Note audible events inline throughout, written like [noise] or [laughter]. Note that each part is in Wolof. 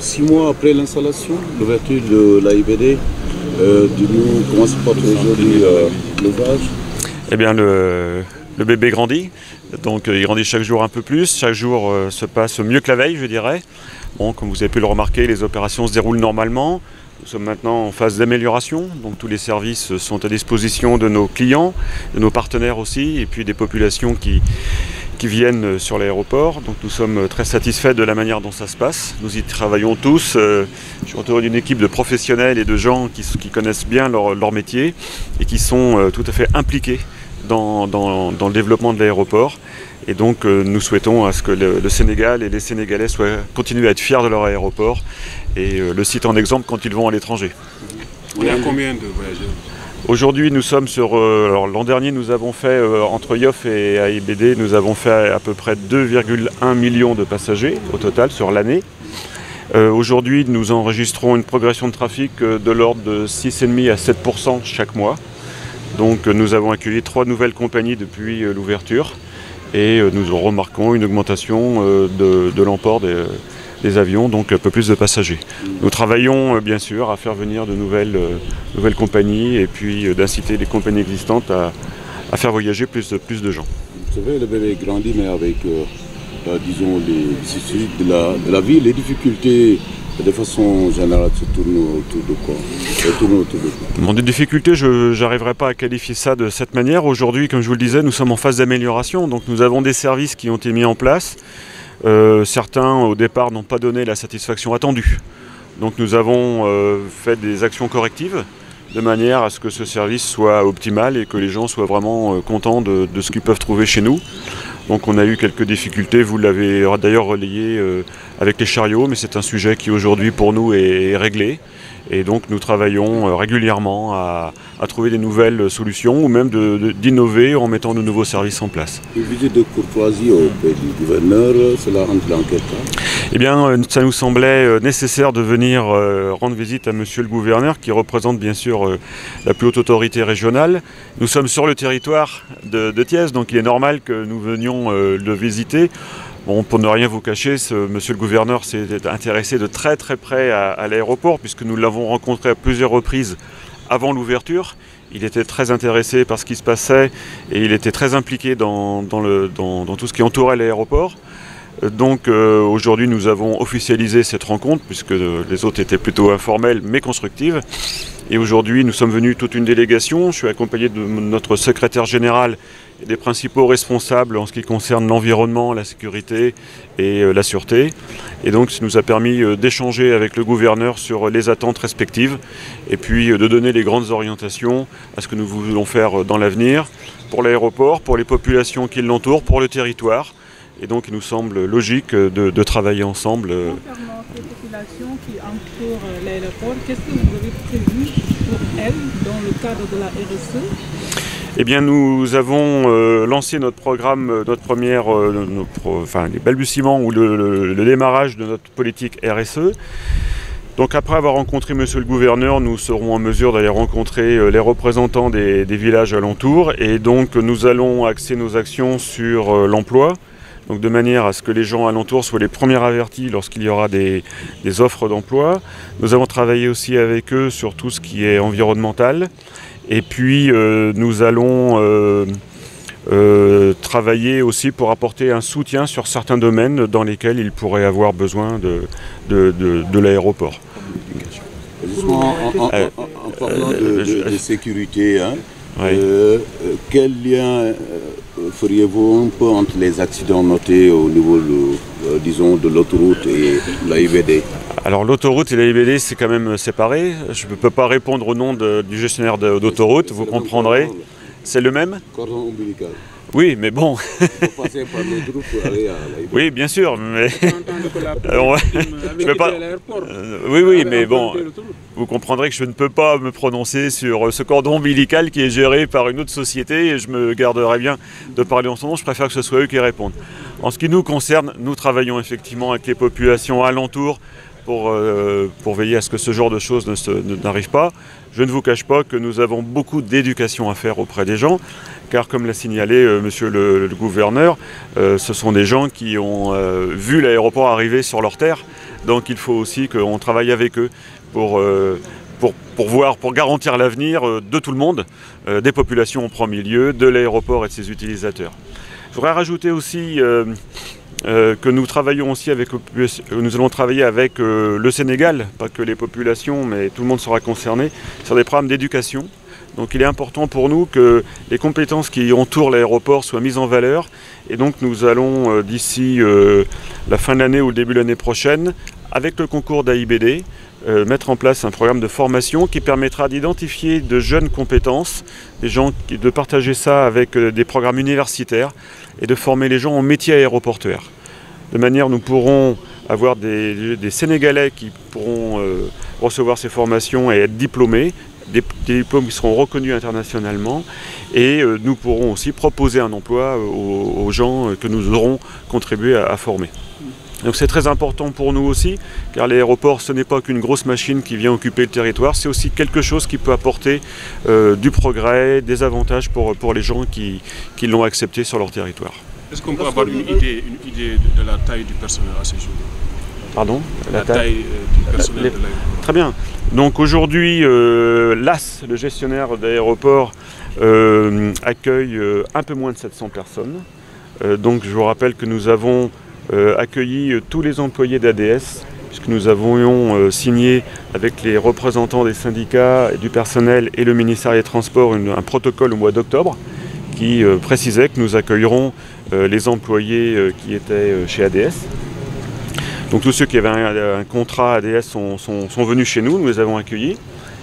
Six mois après l'installation, l'ouverture de l'AIBD, euh, nous comment se porte euh, eh le, le, bébé grandit, donc euh, chaque jour un peu plus, chaque jour euh, se passe mieux que la veille, je dirais. Bon, comme vous avez pu le remarquer, les opérations se déroulent normalement. Nous sommes maintenant en phase d'amélioration, donc tous les services sont à disposition de nos clients, de nos partenaires aussi, et des populations qui, qui viennent euh, sur l'aéroport. nous sommes euh, très satisfaits de la manière dont ça se passe. Nous y travaillons tous. Je suis entouré d'une équipe de professionnels et de gens qui, connaissent bien leur, métier et qui sont euh, tout à fait impliqués dans, dans, dans le développement de l'aéroport. Et donc nous souhaitons à ce que le, le Sénégal et les Sénégalais soient, continuent à être fiers de leur aéroport et le citent en exemple quand ils vont à l'étranger. On combien de voyageurs Aujourd'hui, nous sommes sur. Euh, alors, l'an dernier, nous avons fait, euh, entre IOF et AIBD, nous avons fait à peu près 2,1 millions de passagers au total sur l'année. Euh, aujourd'hui, nous enregistrons une progression de trafic euh, de l'ordre de 6,5 à 7 chaque mois. Donc, euh, nous avons accueilli trois nouvelles compagnies depuis l'ouverture et nous remarquons une augmentation de, de l'emport des les avions, donc un peu plus de passagers. Nous travaillons euh, bien sûr à faire venir de nouvelles, euh, compagnies et euh, d'inciter les compagnies existantes à, faire voyager plus, de gens. C'est vrai, le bébé grandit, mais avec, euh, disons, les vicissitudes de la, de Des difficultés, je pas à qualifier ça de cette manière. Aujourd'hui, comme je vous le disais, nous sommes en phase d'amélioration. nous avons des services qui ont été mis en place Euh, certains, au départ, n'ont pas donné la satisfaction attendue. nous avons euh, des actions correctives de manière à ce que ce service soit optimal et que les gens soient vraiment euh, contents de, de ce qu'ils peuvent trouver chez nous. Donc on a eu quelques difficultés, vous l'avez d'ailleurs relayé avec les chariots, mais c'est un sujet qui aujourd'hui pour nous est réglé. Et donc nous travaillons régulièrement à, à trouver des nouvelles euh, solutions ou même d'innover en mettant de nouveaux services en place. Une de courtoisie auprès du gouverneur, euh, cela eh euh, nous semblait nécessaire de venir rendre visite à monsieur le gouverneur qui représente bien sûr la plus haute autorité régionale. Nous sommes sur le territoire de, de Thiès, donc il est normal que nous venions le visiter. Bon, pour ne rien vous cacher, ce, monsieur le gouverneur s'est intéressé de très très près à, l'aéroport, puisque nous l'avons avant l'ouverture. Il était très intéressé par ce qui se passait et il était très impliqué dans, dans, le, dans, dans tout ce qui entourait l'aéroport. Donc euh, aujourd'hui nous avons officialisé cette rencontre puisque euh, les autres étaient plutôt informelles mais constructives. Et aujourd'hui nous sommes venus toute une délégation. Je suis accompagné de notre secrétaire général des principaux responsables en ce qui concerne l'environnement, la sécurité et euh, la sûreté. Et donc, ça nous a permis euh, d'échanger avec le gouverneur sur les attentes respectives et euh, de donner les grandes orientations à ce que nous voulons faire dans l'avenir pour l'aéroport, pour les populations qui l'entourent, pour le territoire. Et donc, il nous semble logique de, de travailler ensemble. Concernant les populations qui entourent l'aéroport, qu'est-ce que vous avez prévu pour elles dans le cadre Eh bien, nous avons euh, lancé notre programme, euh, euh, enfin, les balbutiements ou le, démarrage de notre politique RSE. après avoir rencontré Monsieur le Gouverneur, nous serons en mesure d'aller rencontrer euh, les représentants des, des, villages alentours et nous allons axer nos actions sur l'emploi, de manière à ce que les gens alentours soient les premiers avertis lorsqu'il y aura des offres d'emploi. Nous avons travaillé aussi avec eux sur tout ce qui est environnemental Et puis euh, nous allons euh, euh, travailler aussi pour apporter un soutien sur certains domaines dans lesquels ils pourraient avoir besoin de, de, de, de l'aéroport. Justement, en, en, en, en parlant de, sécurité, hein, oui. euh, quel lien feriez-vous un peu entre les accidents notés au niveau, de, disons, de l'autoroute et l'AIVD Alors l'autoroute et la LBD, c'est quand même séparé. Je ne peux pas répondre au nom du gestionnaire d'autoroute, vous comprendrez. C'est le même Cordon ombilical. Oui, mais bon. par les groupes pour aller à oui, bien sûr, mais. bon. Vous comprendrez que je ne peux pas me prononcer sur euh, ce cordon ombilical qui est géré par une autre société et je me garderai bien de parler en son nom. Je préfère que ce soit eux qui répondent. En ce qui nous concerne, nous travaillons effectivement avec les populations alentours pour, euh, pour veiller à ce que ce genre de choses n'arrive pas. Je ne vous cache pas que nous avons beaucoup d'éducation à faire auprès des gens, car comme l'a signalé euh, monsieur le, gouverneur, euh, ce sont des gens qui ont euh, vu l'aéroport arriver sur leur terre, donc il faut aussi qu'on travaille avec eux pour... Pour, pour, pour garantir l'avenir de tout le monde, des populations en premier lieu, de l'aéroport et de ses utilisateurs. Je voudrais rajouter aussi euh, que nous travaillons aussi avec, euh, nous allons travailler avec euh, le Sénégal, pas que les populations, mais tout le monde sera concerné, sur des programmes d'éducation. Donc il est important pour nous que les compétences qui entourent l'aéroport soient mises en valeur. Et donc nous allons, euh, d'ici euh, la fin de l'année ou le début de l'année prochaine, avec le concours d'AIBD, euh, mettre en place un programme de formation qui permettra d'identifier de jeunes compétences, des gens, de partager ça avec euh, des programmes universitaires et de former les gens au métier aéroportuaire. De manière, nous pourrons avoir des, des Sénégalais qui pourront euh, recevoir ces formations et être diplômés, des, des diplômes qui seront reconnus internationalement, et euh, nous pourrons aussi proposer un emploi euh, aux, gens euh, que nous aurons contribué à, à former. Donc c'est très important pour nous aussi, car l'aéroport, ce n'est pas qu'une grosse machine qui vient occuper le territoire, c'est aussi quelque chose qui peut apporter euh, du progrès, des avantages pour, pour les gens qui, qui l'ont accepté sur leur territoire. Est-ce qu'on peut avoir Très bien. aujourd'hui, euh, l'AS, le gestionnaire d'aéroport, euh, accueille un peu moins de personnes. donc je vous rappelle que nous avons Euh, accueilli euh, tous les employés d'ADS, puisque nous avions euh, signé avec les représentants des syndicats, et du personnel et le ministère des Transports un protocole au mois d'octobre qui précisait que nous accueillerons les employés qui étaient chez ADS. Donc tous ceux qui avaient un, un contrat ADS sont, sont, sont venus chez nous, nous les avons accueillis.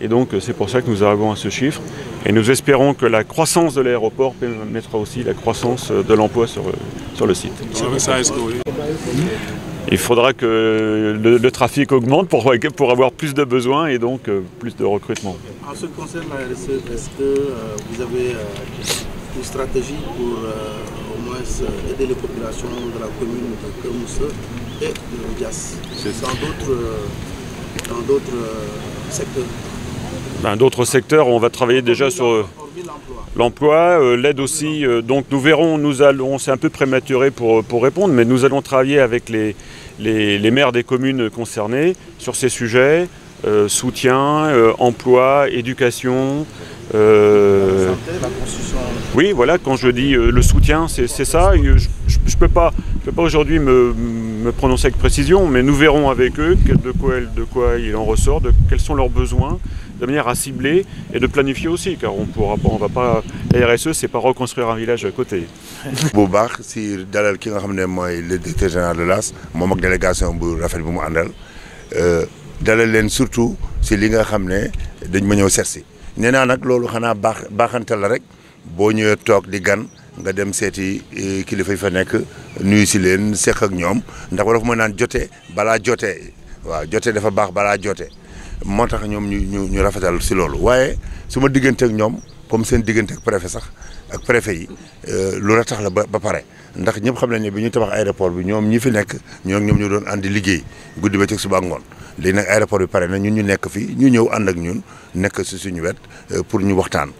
Et donc euh, c'est pour ça que nous arrivons à ce chiffre. Et nous espérons que la croissance de l'aéroport permettra aussi la croissance euh, de l'emploi sur, euh, le site. Hmm. Il faudra que le, trafic augmente [laughs] pour, avoir plus de besoins et donc plus de recrutement. En ce qui concerne la RSE, est-ce que vous avez une stratégie pour euh, aider les populations de la commune de Kermousseux et de Gas C'est Dans d'autres secteurs d'autres secteurs où on va travailler déjà sur euh, l'emploi, euh, l'aide aussi. Euh, donc nous verrons, nous allons, c'est un peu prématuré pour, pour répondre, mais nous allons travailler avec les, maires des communes concernées sur ces sujets, soutien, euh, emploi, éducation. Euh, oui, voilà, quand je dis le soutien, c'est ça. Je peux pas, aujourd'hui me, prononcer avec précision, mais nous verrons avec eux de quoi il en ressort, de quels sont leurs besoins. de manière à cibler et de aussi, car on pourra, on va pas, la RSE, [laughs] bu baax si dalal ki nga xam ne mooy le directeur général de l'AS moom ak bu rafet bu mu àndal euh, dalal leen surtout si li nga xam ne dañ ma ñëw seet si nee naa nag loolu xanaa baax baaxantal la rek boo ñëwee toog di gan nga dem seeti euh, kilifa yi fa nekk nuyu si leen seq ak ñoom ndax wala fa ma naan jotee balaa jotee waaw jotee dafa baax balaa jotee. moo tax ñoom ñu ñu ñu rafetal si loolu waaye su ma digganteeg ñoom comme seen diggante ak sax ak préfet yi euh, lu la tax la ba ba pare ndax ñëpp xam nañ ne bi ñu tabax aéroport bi ñoom ñi fi nekk ñoo ñoom ñu doon àndi liggéey guddi ba ci suba ngoon léegi nag aéroport bi pare na ñun ñu nekk fii ñu ñëw ànd ak ñun nekk si suñu wet euh, pour ñu waxtaan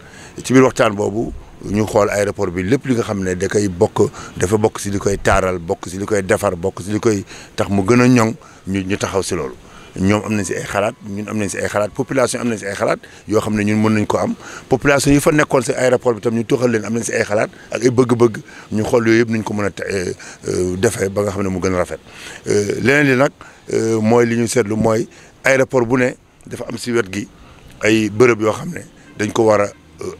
ci biir waxtaan boobu ñu xool aéroport bi lépp li nga xam ne da koy bokk dafa bokk si li koy taaral bokk si li koy defar bokk si li koy tax mu gën a ñoŋ ñu ñu taxaw si loolu ñoom am nañ si ay xalaat ñun am nañ si ay xalaat population am nañ si ay xalaat yoo xam ne ñun mën nañ ko am population yi fa nekkoon si aéroport bi tam ñu tuxal leen am nañ si ay xalaat ak ay bëgg-bëgg ñu xool yooyu yëpp nuñ ko mën a eh, eh, defee ba nga xam ne mu gën a rafet eh, leneen li nag mooy li ñu seetlu mooy aéroport bu ne dafa am si wet gi ay bërëb yoo xam ne dañ ko war a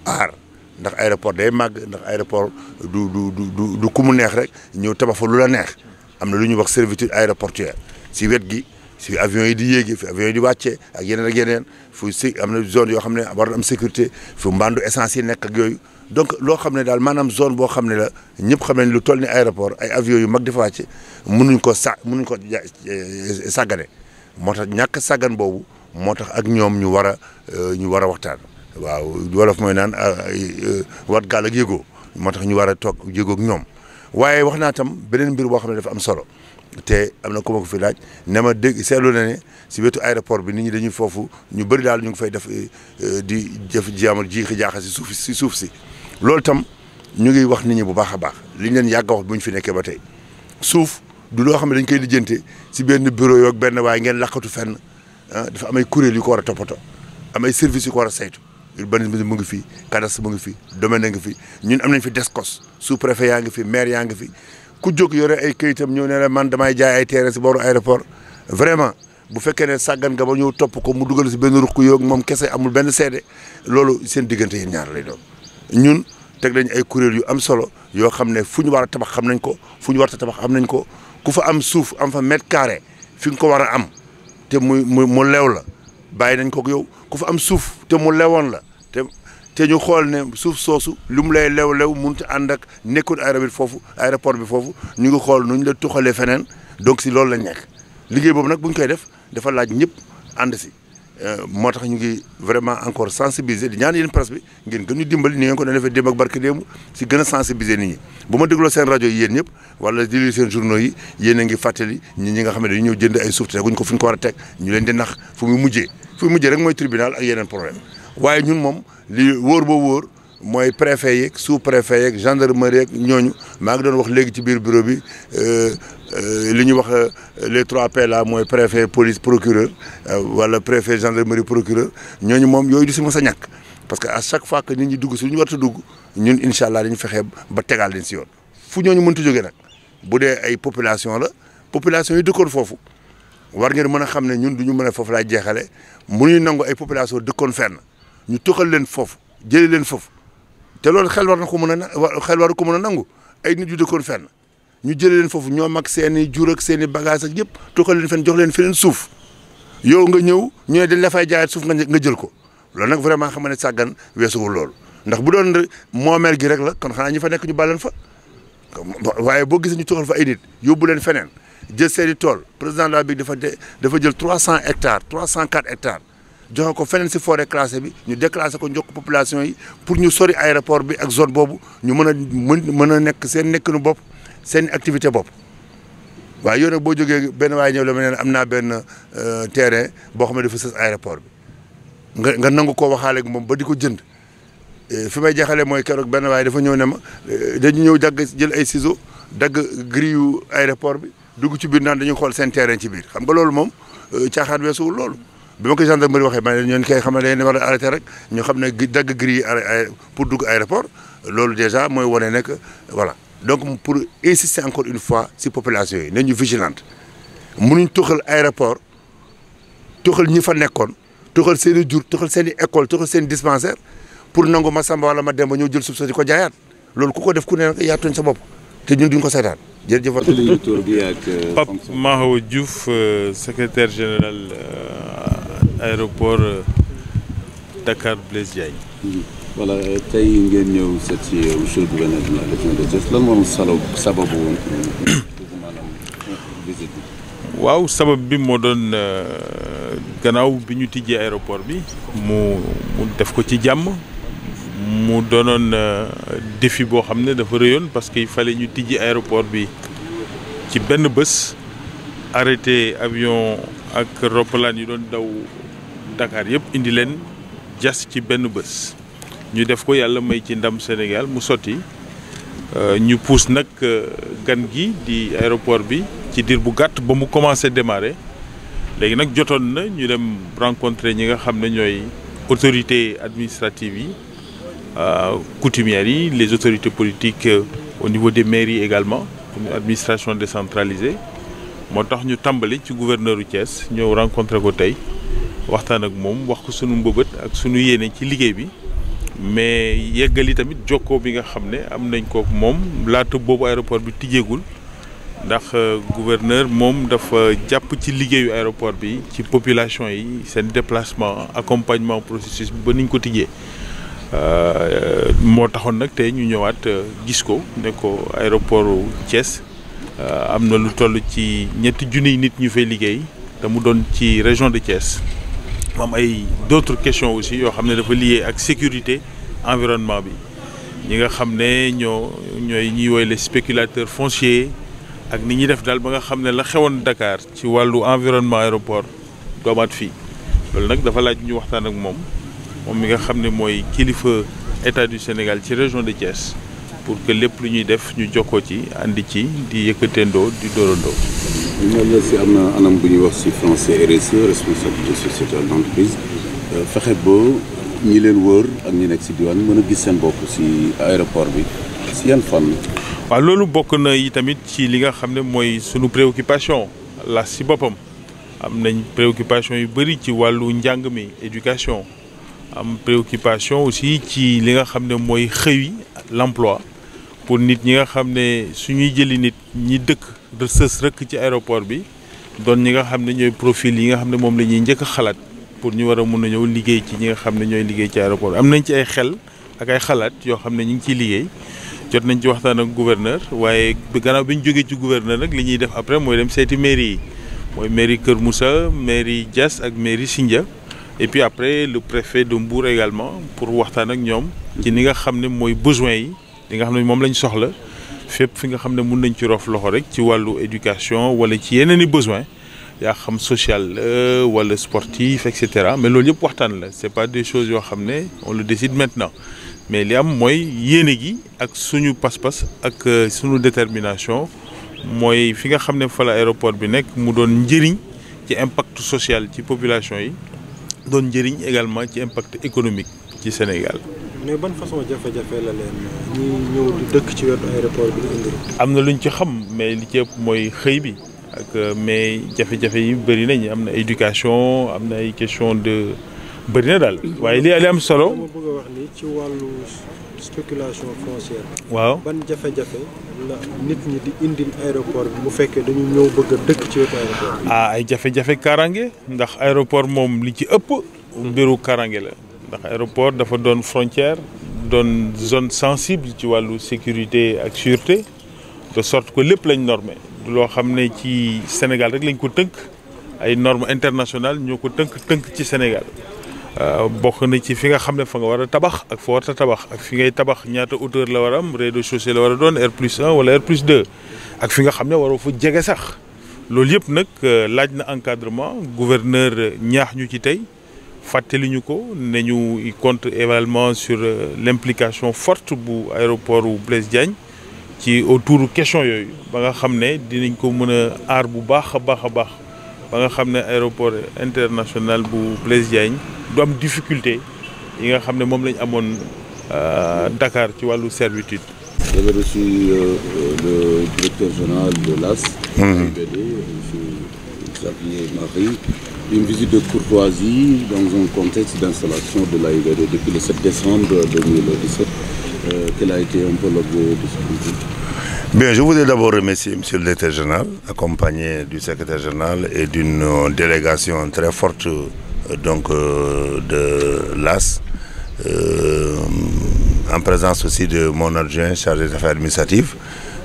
aar ndax aéroport day màgg ndax aéroport du du du du ku mu neex rek ñëw tabax fa lu la neex am na lu ñuy wax servitude aéroportuaire si wet gi si avion yi di yéegee fi avion yi di wàccee ak yeneen ak yeneen fu si am na zone yoo xam ne war na am sécurité fu mbandu essence yi nekk yooyu donc loo xam ne daal maanaam zone boo xam ne la ñëpp xam nañ lu toll ni aéroport ay avion yu mag dafa wàcce mënuñ ko sa mënuñ ko eh, sàggane moo tax ñàkk sàggan boobu moo tax ak ñoom ñu war a euh, ñu war a waxtaan waaw wolof mooy naan euh, euh, wat gaal ak yëgoo moo tax ñu war a toog yëgoo ak ñoom waaye wax naa tam beneen mbir boo xam ne dafa am solo te am na ku ma fi laaj ne ma dégg seetlu na ne si wetu aéroport bi nit ñi dañuy foofu ñu bëri daal ñu ngi fay def euh, euh, di jëf jaamal jiixi jaaxa si suuf si suuf si loolu tam ñu ngi wax ni ñu bu baax a baax liñ leen yàgg a bu ñu fi nekkee ba tey suuf loo xam ne dañ koy lijjante si benn bureau yoog benn waaye ngeen lakkatu fenn ah, dafa amay kuréel yu ko war a toppatoo amay service yu ko war a saytu urbanisme mu ngi fi cadastre mu ngi fi domaine a ngi fi ñun am nañ fi DSCOS sous préfet yaa ngi fi maire yaa ngi fi ku jóg yore ay kayitam ñëw ne la man damay jaay ay terrain si booru aéroport vraiment bu fekkee ne sàggan nga ñëw topp ko mu dugal si benn ruq yoog moom kese amul benn seede loolu seen diggante yéen ñaar lay doon ñun teg nañ ay kuréel yu am solo yoo xam ne fu ñu war a tabax xam nañ ko fu ñu war a tabax am nañ ko ku fa am suuf am fa mètre carré fi nga ko war a am te muy mu mu lew la bàyyi nañ ko yow ku fa am suuf te mu lewoon la te ñu xool ne suuf soosu lu mu lay lew-lew ti ànd ak nekkul aéroport foofu aéroport bi foofu ñu ngi xool nu ñu la tuxalee feneen donc si loolu lañ nekk liggéey boobu nag bu ñu koy def dafa laaj ñëpp ànd si euh, moo tax ñu ngi vraiment encore sensibiliser di ñaan yéen presse bi ngeen gën ñu ni ngeen ko doon defee démb ak barke démb si gën a sensibiliser ñi bu ma dégloo seen rajo yi yéen ñëpp wala di lire seen journaux yi yéen a ngi fàttali ñi ñi nga xam ne dañu ñëw ay suuf te ko fu ñu ko war a teg ñu leen di nax fu muy mujjee fu muy mujjee mooy tribunal ak yeneen problème waaye ñun moom li wóor ba wóor mooy préfet yeeg sous préfet yeeg gendarmerie yeeg ñooñu maa ngi doon wax léegi ci biir bureau bi euh, euh, li ñuy wax euh, les trois P là mooy préfet police procureur wala préfet gendarmerie procureur ñooñu moom yooyu du si mos a ñàkk parce que à chaque fois que nit ñi dugg si lu ñu war a dugg ñun incha allah ñu fexe ba tegal leen si yoon fu ñooñu mënta jógee nag bu dee ay population la population yi dëkkoon foofu war ngeen mën a xam ne ñun du ñu mën a foofu laay jeexale mënuñu nangu ay population dëkkoon fenn ñu toxal leen foofu jëlee leen foofu te loolu xel war na ko mën a xel war ko mën a nangu ay nit yu dëkkoon fenn ñu jëlee leen foofu ñoo ak seeni i jur ak seen i bagage ak yëpp toxal leen fenn jox leen feneen suuf yow nga ñëw ñu ne dañ la fay jaayaat suuf nga nga jël ko loolu nag vraiment xam nga ne sàggan weesuwul loolu ndax bu doon moomeel gi rek la kon xanaa ñu fa nekk ñu baleen fa waaye boo gisee ñu toxal fa ay nit yóbbu leen feneen jël seeni tool président de la République dafa dafa jël trois cent hectares trois cent quatre hectares joxe ko feneen si forêt classée bi ñu déclassé ko njokk population yi pour ñu sori aéroport bi ak zone boobu ñu mën a mën a nekk seen nekkinu bopp seen activité bopp. waaye yow boo jógee benn waaye ñëw la ma ne am naa benn euh, terrain boo xam ne dafa sës aéroport bi nga nga nangu koo waxaale moom ba di ko jënd fi may jaxalee mooy keroog benn waaye dafa ñëw ne ma euh, dañu ñëw dagg jël ay ciseaux dagg grille aéroport bi dugg ci biir naan dañuy xool seen terrain ci biir xam nga loolu moom euh, caaxaan weesuwul loolu. bi ma ko gendarmerie waxee ma ne ñooñu kay xam ne dañu rek ñu xam ne dagg gri ay pour dugg aéroport loolu déjà mooy wane nekk voilà donc pour insister encore une fois si population yi ñu mu nu mënuñ tuxal aéroport tuxal ñi fa nekkoon tuxal seen i jur tuxal seen i école tuxal seen dispensaire pour nangu ma samba wala ma dem ba ñëw jël suuf si di ko jaayaat loolu ku ko def ku ne nag yaa tooñ sa bopp te ñu duñ ko seetaan jërëjëf. Euh, Pape Mahawa Diouf euh, secrétaire général. Euh, aéroport euh, Dakar Blaise mhm. voilà euh, tey ngeen ñëw seet si euh, monsieur le gouverneur waaw sabab bi moo doon gannaaw bi ñu tijjee aéroport bi mu def ko ci jàmm mu doonoon défi boo xam ne dafa rëyoon parce que il fallait ñu tijji aéroport bi ci benn bés arrêté avion ak roppalaan yu doon daw Dakar yëpp indi leen jas ci benn bés ñu def ko yàlla may ci ndam Sénégal mu sotti euh, ñu puus nag euh, gan gi di aéroport bi ci diir bu gàtt ba mu commencé démarrer léegi nag jotoon na ñu dem rencontrer ñi nga xam ne ñooy autorités administratives yi euh, coutumières yi les autorités politiques au niveau des mairies également pour administration décentralisée moo tax ñu tàmbali ci gouverneur u cees ñëw rencontrer ko tey waxtaan ak moom wax ko sunu mbëbët ak sunu yéene ci liggéey bi mais yeggali tamit jokkoo bi nga xam ne am nañ ko moom laata boobu aéroport bi tijjeegul ndax euh, gouverneur moom dafa jàpp ci liggéeyu aéroport bi ci population yi seen déplacement accompagnement processus bi ba niñ ko tijjee euh, moo taxoon nag te ñu ñëwaat euh, gis ko ne ko aéroport Thiès am na lu toll ci ñetti yi nit ñu fay liggéey te mu doon ci région de Thiès. moom ay d'autres questions aussi yoo xam ne dafa lié ak sécurité environnement bi ñi nga xam ne ñoo ñooy ñuy woy les spéculateurs foncier ak ni ñuy def daal ba nga xam ne la xewoon Dakar ci wàllu environnement aéroport doomaat fii loolu nag dafa laaj ñu waxtaan ak moom moom mi nga xam ne mooy kilifa état du Sénégal ci région de Thiès pour que lépp lu ñuy def ñu jokkoo ci àndi ci di yëkkateendoo di dóorandoo ñooñu aussi am na anam bu ñuy wax si français RSE responsabilité sociétale d'entreprise euh, fexe ba ñi leen wër ak ñu nekk si diwaan mën a gis seen bopp si aéroport bi si yan fànn. waaw loolu bokk na yi tamit ci li nga xam ne mooy sunu préoccupation la si boppam am nañ préoccupation yu bëri ci wàllu njàng mi éducation am préoccupation aussi ci li nga xam ne mooy xëy wi l'emploi pour nit ñi nga xam ne suñuy jëli nit ñi dëkk sës rëkk ci aéroport bi doon ñi nga xam ne ñooy profil yi nga xam ne moom la ñuy njëkk xalaat pour ñu war a mun a ñëw liggéey ci ñi nga xam ne ñooy liggéey ci aéroport am nañ ci ay xel ak ay xalaat yoo xam ne ñu ngi ciy liggéey jot nañ ci waxtaan ak gouverneur waaye gannaaw bi ñu jógee ci gouverneur nag li ñuy def après mooy dem seeti mairie yi mooy mairie Kër musa mairie Diass ak mairie Sindia et puis après le préfet de Mbour pour waxtaan ak ñoom ci ni nga xam ne mooy besoin yi li nga xam ne moom lañ soxla fépp fi nga xam ne mun nañ ci rof loxo rek ci wàllu éducation wala ci yeneen i besoin yaa xam social la euh, wala sportif et cetera mais loolu yëpp waxtaan la c'est pas des choses yoo xam ne on le décide maintenant mais li am mooy yéene gi ak suñu pas-pas ak euh, suñu détermination mooy fi nga xam ne fala aéroport bi nekk mu doon njëriñ ci impact social ci population yi doon njëriñ également ci impact économique ci Sénégal mais ban façon jafe-jafe la leen ñi ñëw di dëkk ci wetu aéroport bi di indi. am na lu luñ ci xam mais li ci ëpp mooy xëy bi ak mais jafe-jafe yi bëri nañ am na éducation am na ay question de bëri na waaye li am solo. wax ni ci wàllu spéculation foncière. waaw ban jafe-jafe la nit ñi di indi aéroport bi bu fekkee dañu ñëw bëgg dëkk ci wetu aéroport bi. ah ay jafe-jafe kaaraange ndax aéroport moom li ci ëpp. mbiru kaaraange la. ndax aéroport dafa doon frontière doon zone sensible ci wàllu sécurité ak sûreté de sorte que lépp lañ normé du loo xam ne ci Sénégal rek lañ ko tënk ay normes internationales ñoo ko tënk tënk ci Sénégal euh, bokk na ci fi nga xam ne fa nga war a tabax ak fa war tabax ak fi ngay tabax ñaata hauteur la war a am de chaussée la war a doon R plus 1 wala R plus 2 ak fi nga xam ne waroo fa jege sax loolu yëpp nag euh, laaj na encadrement gouverneur ñaax ñu ci tey fàttali ñu ko ne ñu contre également sur euh, l'implication forte bu aéroport bu Blaise Diagne ci autour question yooyu ba nga xam ne dinañ ko mën a aar bu baax a baax a baax ba nga xam ne aéroport international bu Blaise Diagne du am difficulté yi nga xam ne moom lañ amoon euh, Dakar ci wàllu servitude. J'avais reçu euh, le directeur général de une visite de courtoisie dans un contexte d'installation de l'AIVD depuis le décembre euh, a été un peu l'objet de ce visite Bien, je voudrais d'abord remercier M. le directeur général, accompagné du secrétaire général et d'une euh, délégation très forte euh, donc, euh, de l'AS, en présence aussi de mon adjoint chargé des affaires administratives,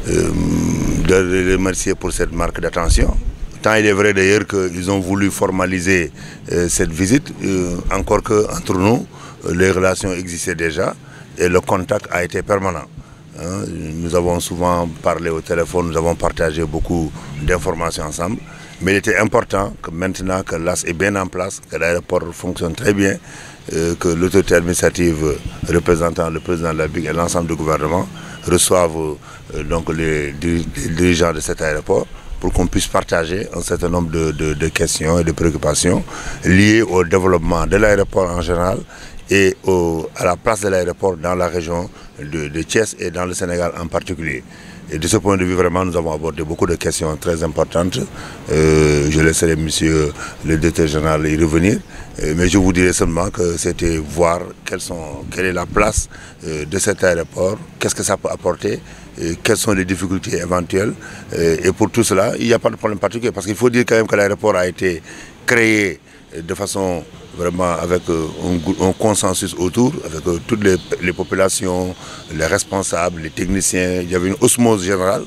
de remercier pour cette marque d'attention Tant il est vrai d'ailleurs qu'ils ont voulu formaliser euh, cette visite, euh, encore qu'entre nous, les relations existaient déjà et le contact a été permanent. Hein. Nous avons souvent parlé au téléphone, nous avons partagé beaucoup d'informations ensemble. Mais il était important que maintenant que l'AS est bien en place, que l'aéroport fonctionne très bien, euh, que l'autorité administrative représentant le président de la BIC et l'ensemble du gouvernement reçoivent euh, donc les, les dirigeants de cet aéroport. pour qu'on puisse partager un certain nombre de, de, de, questions et de préoccupations liées au développement de l'aéroport en général et au, à la place de l'aéroport dans la région de, de Thiès et dans le Sénégal en particulier. Et de ce point de vue, vraiment, nous avons abordé beaucoup de questions très importantes. Euh, je laisserai monsieur le directeur général y revenir. Euh, mais je vous dirai seulement que c'était voir quelles sont, quelle est la place euh, de cet aéroport, qu'est-ce que ça peut apporter, et quelles sont les difficultés éventuelles. Euh, et pour tout cela, il n'y a pas de problème particulier parce qu'il faut dire quand même que l'aéroport a été créé de façon vraiment avec euh, un, un consensus autour, avec euh, toutes les, les, populations, les responsables, les techniciens. Il y avait une osmose générale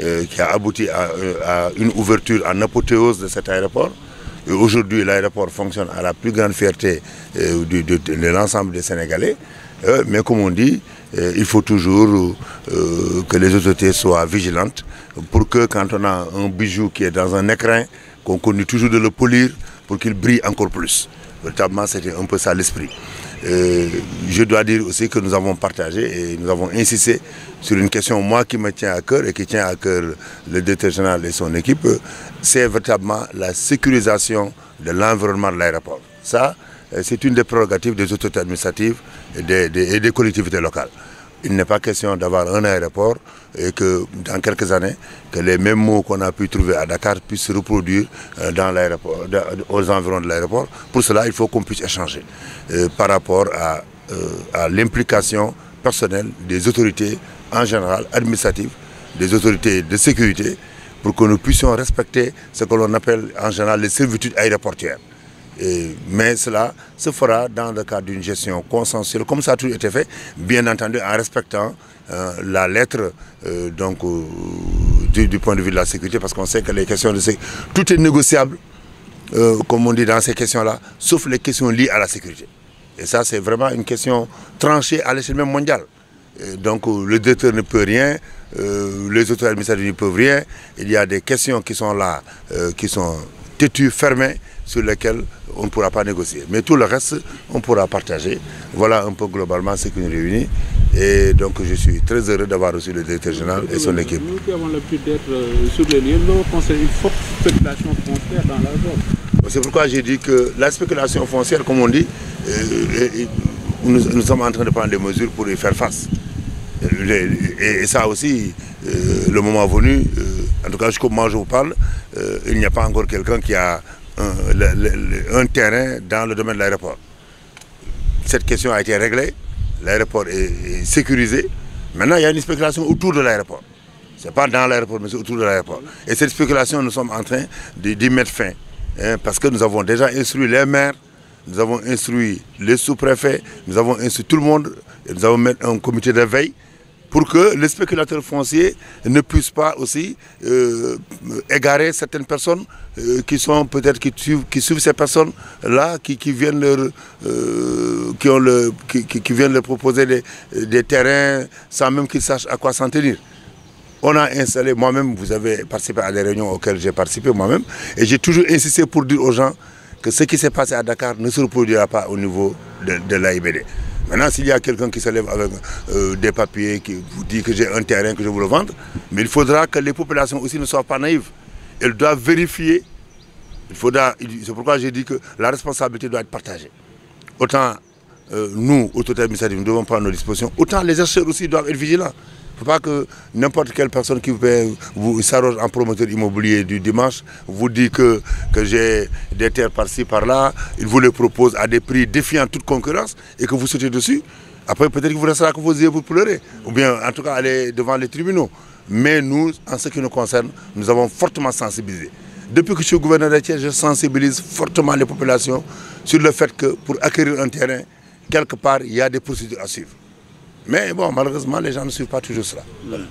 euh, qui a abouti à, à, une ouverture en apothéose de cet aéroport. Et aujourd'hui, l'aéroport fonctionne à la plus grande fierté euh, de, de, de, de l'ensemble des Sénégalais. mais comme on dit, il faut toujours que les autorités soient vigilantes pour que quand on a un bijou qui est dans un écrin, qu'on continue toujours de le polir pour qu'il brille encore plus. Véritablement, c'était un peu ça l'esprit. Euh, je dois dire aussi que nous avons partagé et nous avons insisté sur une question, moi, qui me tient à cœur et qui tient à cœur le directeur général et son équipe, c'est véritablement la sécurisation de l'environnement de l'aéroport. Ça, euh, c'est une des prérogatives des autorités administratives et des, des, et des collectivités locales. il n'est pas question d'avoir un aéroport et que dans quelques années, que les mêmes mots qu'on a pu trouver à Dakar puissent se reproduire euh, dans l'aéroport, aux environs de l'aéroport. Pour cela, il faut qu'on puisse échanger euh, par rapport à, euh, à l'implication personnelle des autorités en général, administratives, des autorités de sécurité, pour que nous puissions respecter ce que l'on appelle en général les servitudes aéroportières. Et, mais cela se fera dans le cadre d'une gestion consensuelle, comme ça a toujours fait, bien entendu en respectant euh, la lettre euh, donc, euh, du, du, point de vue de la sécurité, parce qu'on sait que les questions de sécurité, tout est négociable, euh, comme on dit dans ces questions-là, sauf les questions liées à la sécurité. Et ça, c'est vraiment une question tranchée à l'échelle même mondiale. donc euh, le directeur ne peut rien, les autorités administratives ne peuvent rien. des questions qui sont là, qui sont sur lesquels on ne pourra pas négocier. Mais tout le reste, on pourra partager. Voilà un peu globalement ce qui nous réunit. Et donc je suis très heureux d'avoir reçu le directeur général et son équipe. Nous qui avons euh, C'est pourquoi j'ai dit que la spéculation foncière, comme on dit, euh, nous, sommes en train de prendre des mesures pour y faire face. Et, ça aussi, euh, le moment venu, en tout cas jusqu'au moment je vous parle, il n'y a pas encore quelqu'un qui a un, le, un terrain dans le domaine de l'aéroport. Cette question a été réglée, l'aéroport est, est sécurisé. Maintenant, il y a une spéculation autour de l'aéroport. Ce n'est pas dans l'aéroport, mais c'est autour de l'aéroport. Et cette spéculation, nous sommes en train d'y mettre fin. parce que nous avons déjà instruit les maires, nous avons instruit les sous-préfets, nous avons instruit tout le monde. Et nous avons mis un comité de veille pour que les spéculateurs fonciers ne puissent pas aussi euh, égarer certaines personnes euh, qui sont peut-être qui suivent qui suivent ces personnes là qui qui viennent leur euh, qui ont le qui qui viennent leur proposer des des terrains sans même qu'ils sachent à quoi s'en tenir. On a installé moi-même vous avez participé à des réunions auxquelles j'ai participé moi-même et j'ai toujours insisté pour dire aux gens que ce qui s'est passé à Dakar ne se reproduira pas au niveau de de l'AIBD. Maintenant, s'il y a quelqu'un qui se avec euh, des papiers, qui vous dit que j'ai un terrain, que je vous vendre, mais il faudra que les populations aussi ne soient pas naïves. Elles doivent vérifier. Il faudra, c'est pourquoi j'ai dit que la responsabilité doit être partagée. Autant euh, nous, autorités administratives, nous devons prendre nos dispositions, autant les acheteurs doivent être vigilants. faut pas que n'importe quelle personne qui vous, vous s'arroge en promoteur immobilier du dimanche vous dit que, que j'ai des terres par par-là, il vous les propose à des prix défiant toute concurrence et que vous sautez dessus. Après, peut-être qu'il vous restera que vos yeux ou bien en tout cas aller devant les tribunaux. Mais nous, en ce qui nous concerne, nous avons fortement sensibilisé. Depuis que je suis gouverneur de Thiers, je sensibilise fortement les populations sur le fait que pour acquérir un terrain, quelque part, mais bon malheureusement les gens ne suivent pas toujours cela. Voilà.